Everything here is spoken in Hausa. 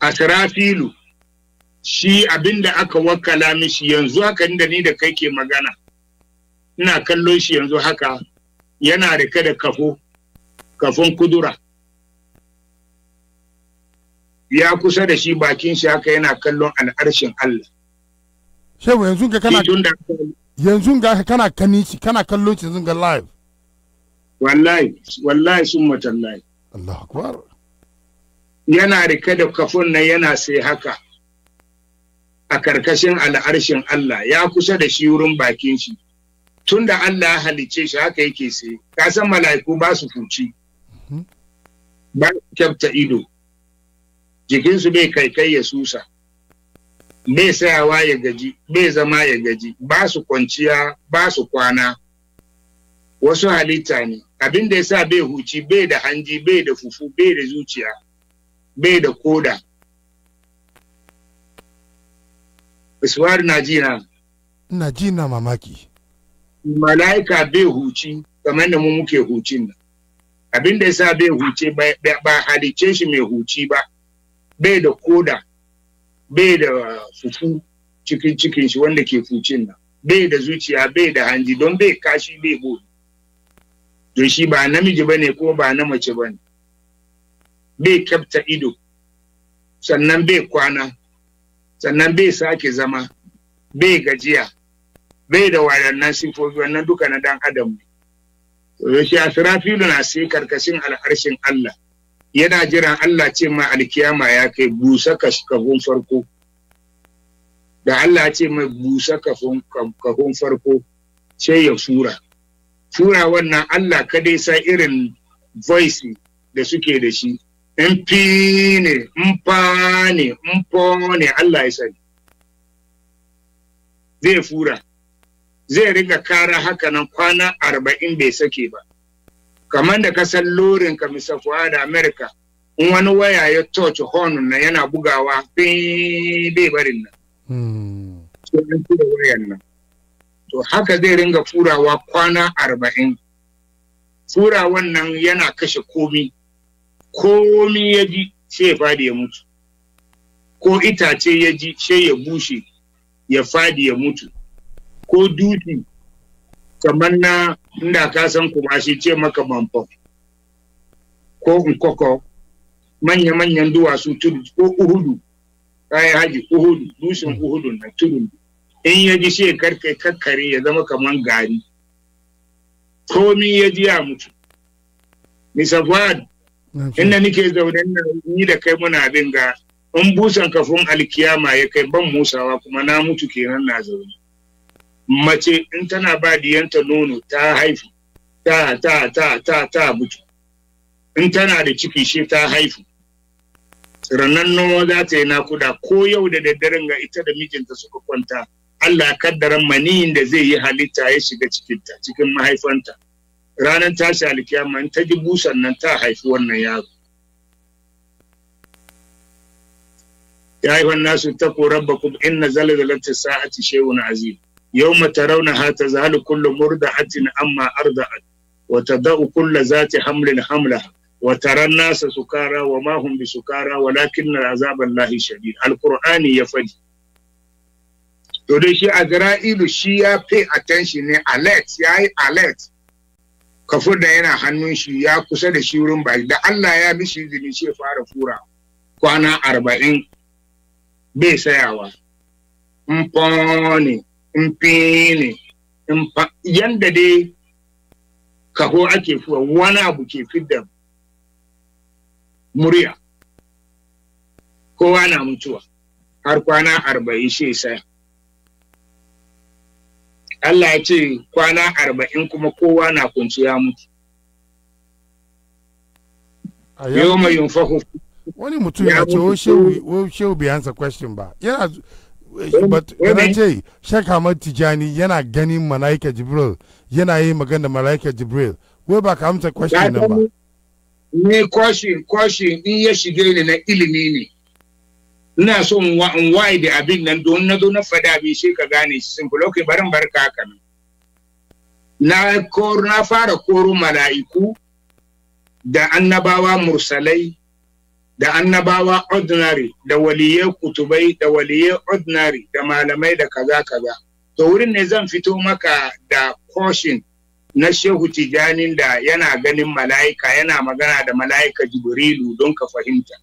A sarafilu, shi abinda aka wakala mishi yanzu haka inda ni da kai ke magana ina kallon shi yanzu haka yana rike da kafo kafon kudura ya kusa da shi bakin shi haka yana kallon al'arshin Allah shehu yanzu ga kana yanzu ga kana kani shi kana kallon shi yanzu ga live wallahi wallahi sun matallahi Allahu akbar yana rike da kafin nan yana sai haka a karkashin al'arshin Allah ya kusa da shi wurin bakin shi Tunda Allah ya halicce shi haka yake sai ka san mala'iku ba su fuci mhm. ba kyafta ido jikinsu bai kaikai ya susa bai sayawa ya gaji bai zama ya gaji ba su kwanciya ba su kwana wasu halitta ne abin da ya sa bai huci bai da hanji bai da fufu bai da zuciya bai da koda Biswari na ji na. Na ji na mamaki. Mala'ika bai huci kamar da mu muke hucin nan. Abin da yasa bai huce ba halice shi mai huci ba. Bai da koda, bai da fufu cikin cikin shi wanda ke hucin nan. Bai da zuciya, bai da hanji don bai kashi bai boli. Don shi ba namiji ba ne ko ba na mace ba ne. bai kyafta ido sannan bai kwana sannan bai sake zama bai gajiya bai da waɗannan sifofi wannan duka na dan adam ne yake asrafilu na sai karkashin al'arshin Allah yana jiran Allah ce ma alkiyama ya kai busa kafin farko da Allah ce mai busa kafin farko ce ya sura sura wannan Allah kadai sa irin voice da suke da shi in ne in fa ne in fo ne Allah ya sani zai fura zai riga kara haka nan kwana arba'in bai sake ba kamar da kasar lorin ka misafuwa da amerika in wani waya ya touch horn na yana bugawa bai barin nan wayan nan to haka zai ringa furawa kwana arba'in furawan nan yana kashe komi komi ya ji sai ya fadi ya mutu ko itace ya ji sai ya bushe ya fadi ya mutu ko duti kamar na inda ka san kuma shi ce maka manfa ko nkoko manya-manyan duwatsu tudu ko uhudu kayan haji uhudu dusin uhudu na tudu in ya ji sai karkai kakkare ya zama kamar gari komi ya ji ya mutu Mr. inda nike zaune na, ni da kai muna bin ga in busan kafin alkiyama ya kai ban musawa kuma na mutu kenan na zaune mace in tana ba diyanta nono ta haifu ta ta ta ta ta mutu in tana da ciki shi ta haifu rannan nawa za ta yi nakuda ko yau da daddaren ga ita da mijinta suka kwanta Allah kaddaran maniyin da zai yi halitta ya shiga cikin mahaifanta ranar tashi alkiyama in ta ji busan nan ta haifi wannan yaro ya wannan nasu ta rabbakum inna zalzalati sa'ati shay'un azim ta zahalu kullum murda hatin amma arda'at wa tada'u kullu zati hamlin hamla wa taran nasa sukara wa ma hum bisukara walakin azaban lahi shadid alqur'ani ya faɗi to dai shi a gara'ilu shi ya pay attention ne alert ya yi alert kafur da yana hannun shi ya kusa da shi wurin baki da Allah ya mishi izini shi fara fura kwana arba'in bai sayawa in ne in yanda dai kaho ake fuwa wani abu ke fidda murya kowa na mutuwa har kwana arba'in shi saya Allah ya ce kwana arba'in kuma kowa na kunci ya mutu. Yau mai yunfahu. Wani mutum ya ce, wo shehu bi ansa question ba. Yana eh, yana ce, Sheikh Ahmad Tijani yana ganin Malaika Jibril, yana yi magana Malaika Jibril. Wai ba ka amsa question nan ba. Ni question, question in ya shige ni na ilimi ne. ina so in waye da abin nan don na zo na fada abin shi ka gane shi kula okay barin barka haka nan na kor na fara koro mala'iku da annabawa mursalai da annabawa ordinary da waliyye kutubai da waliyye ordinary da malamai da kaza kaza to wurin ne zan fito maka da caution na shehu tijanin da yana ganin mala'ika yana magana da mala'ika jibrilu don ka fahimta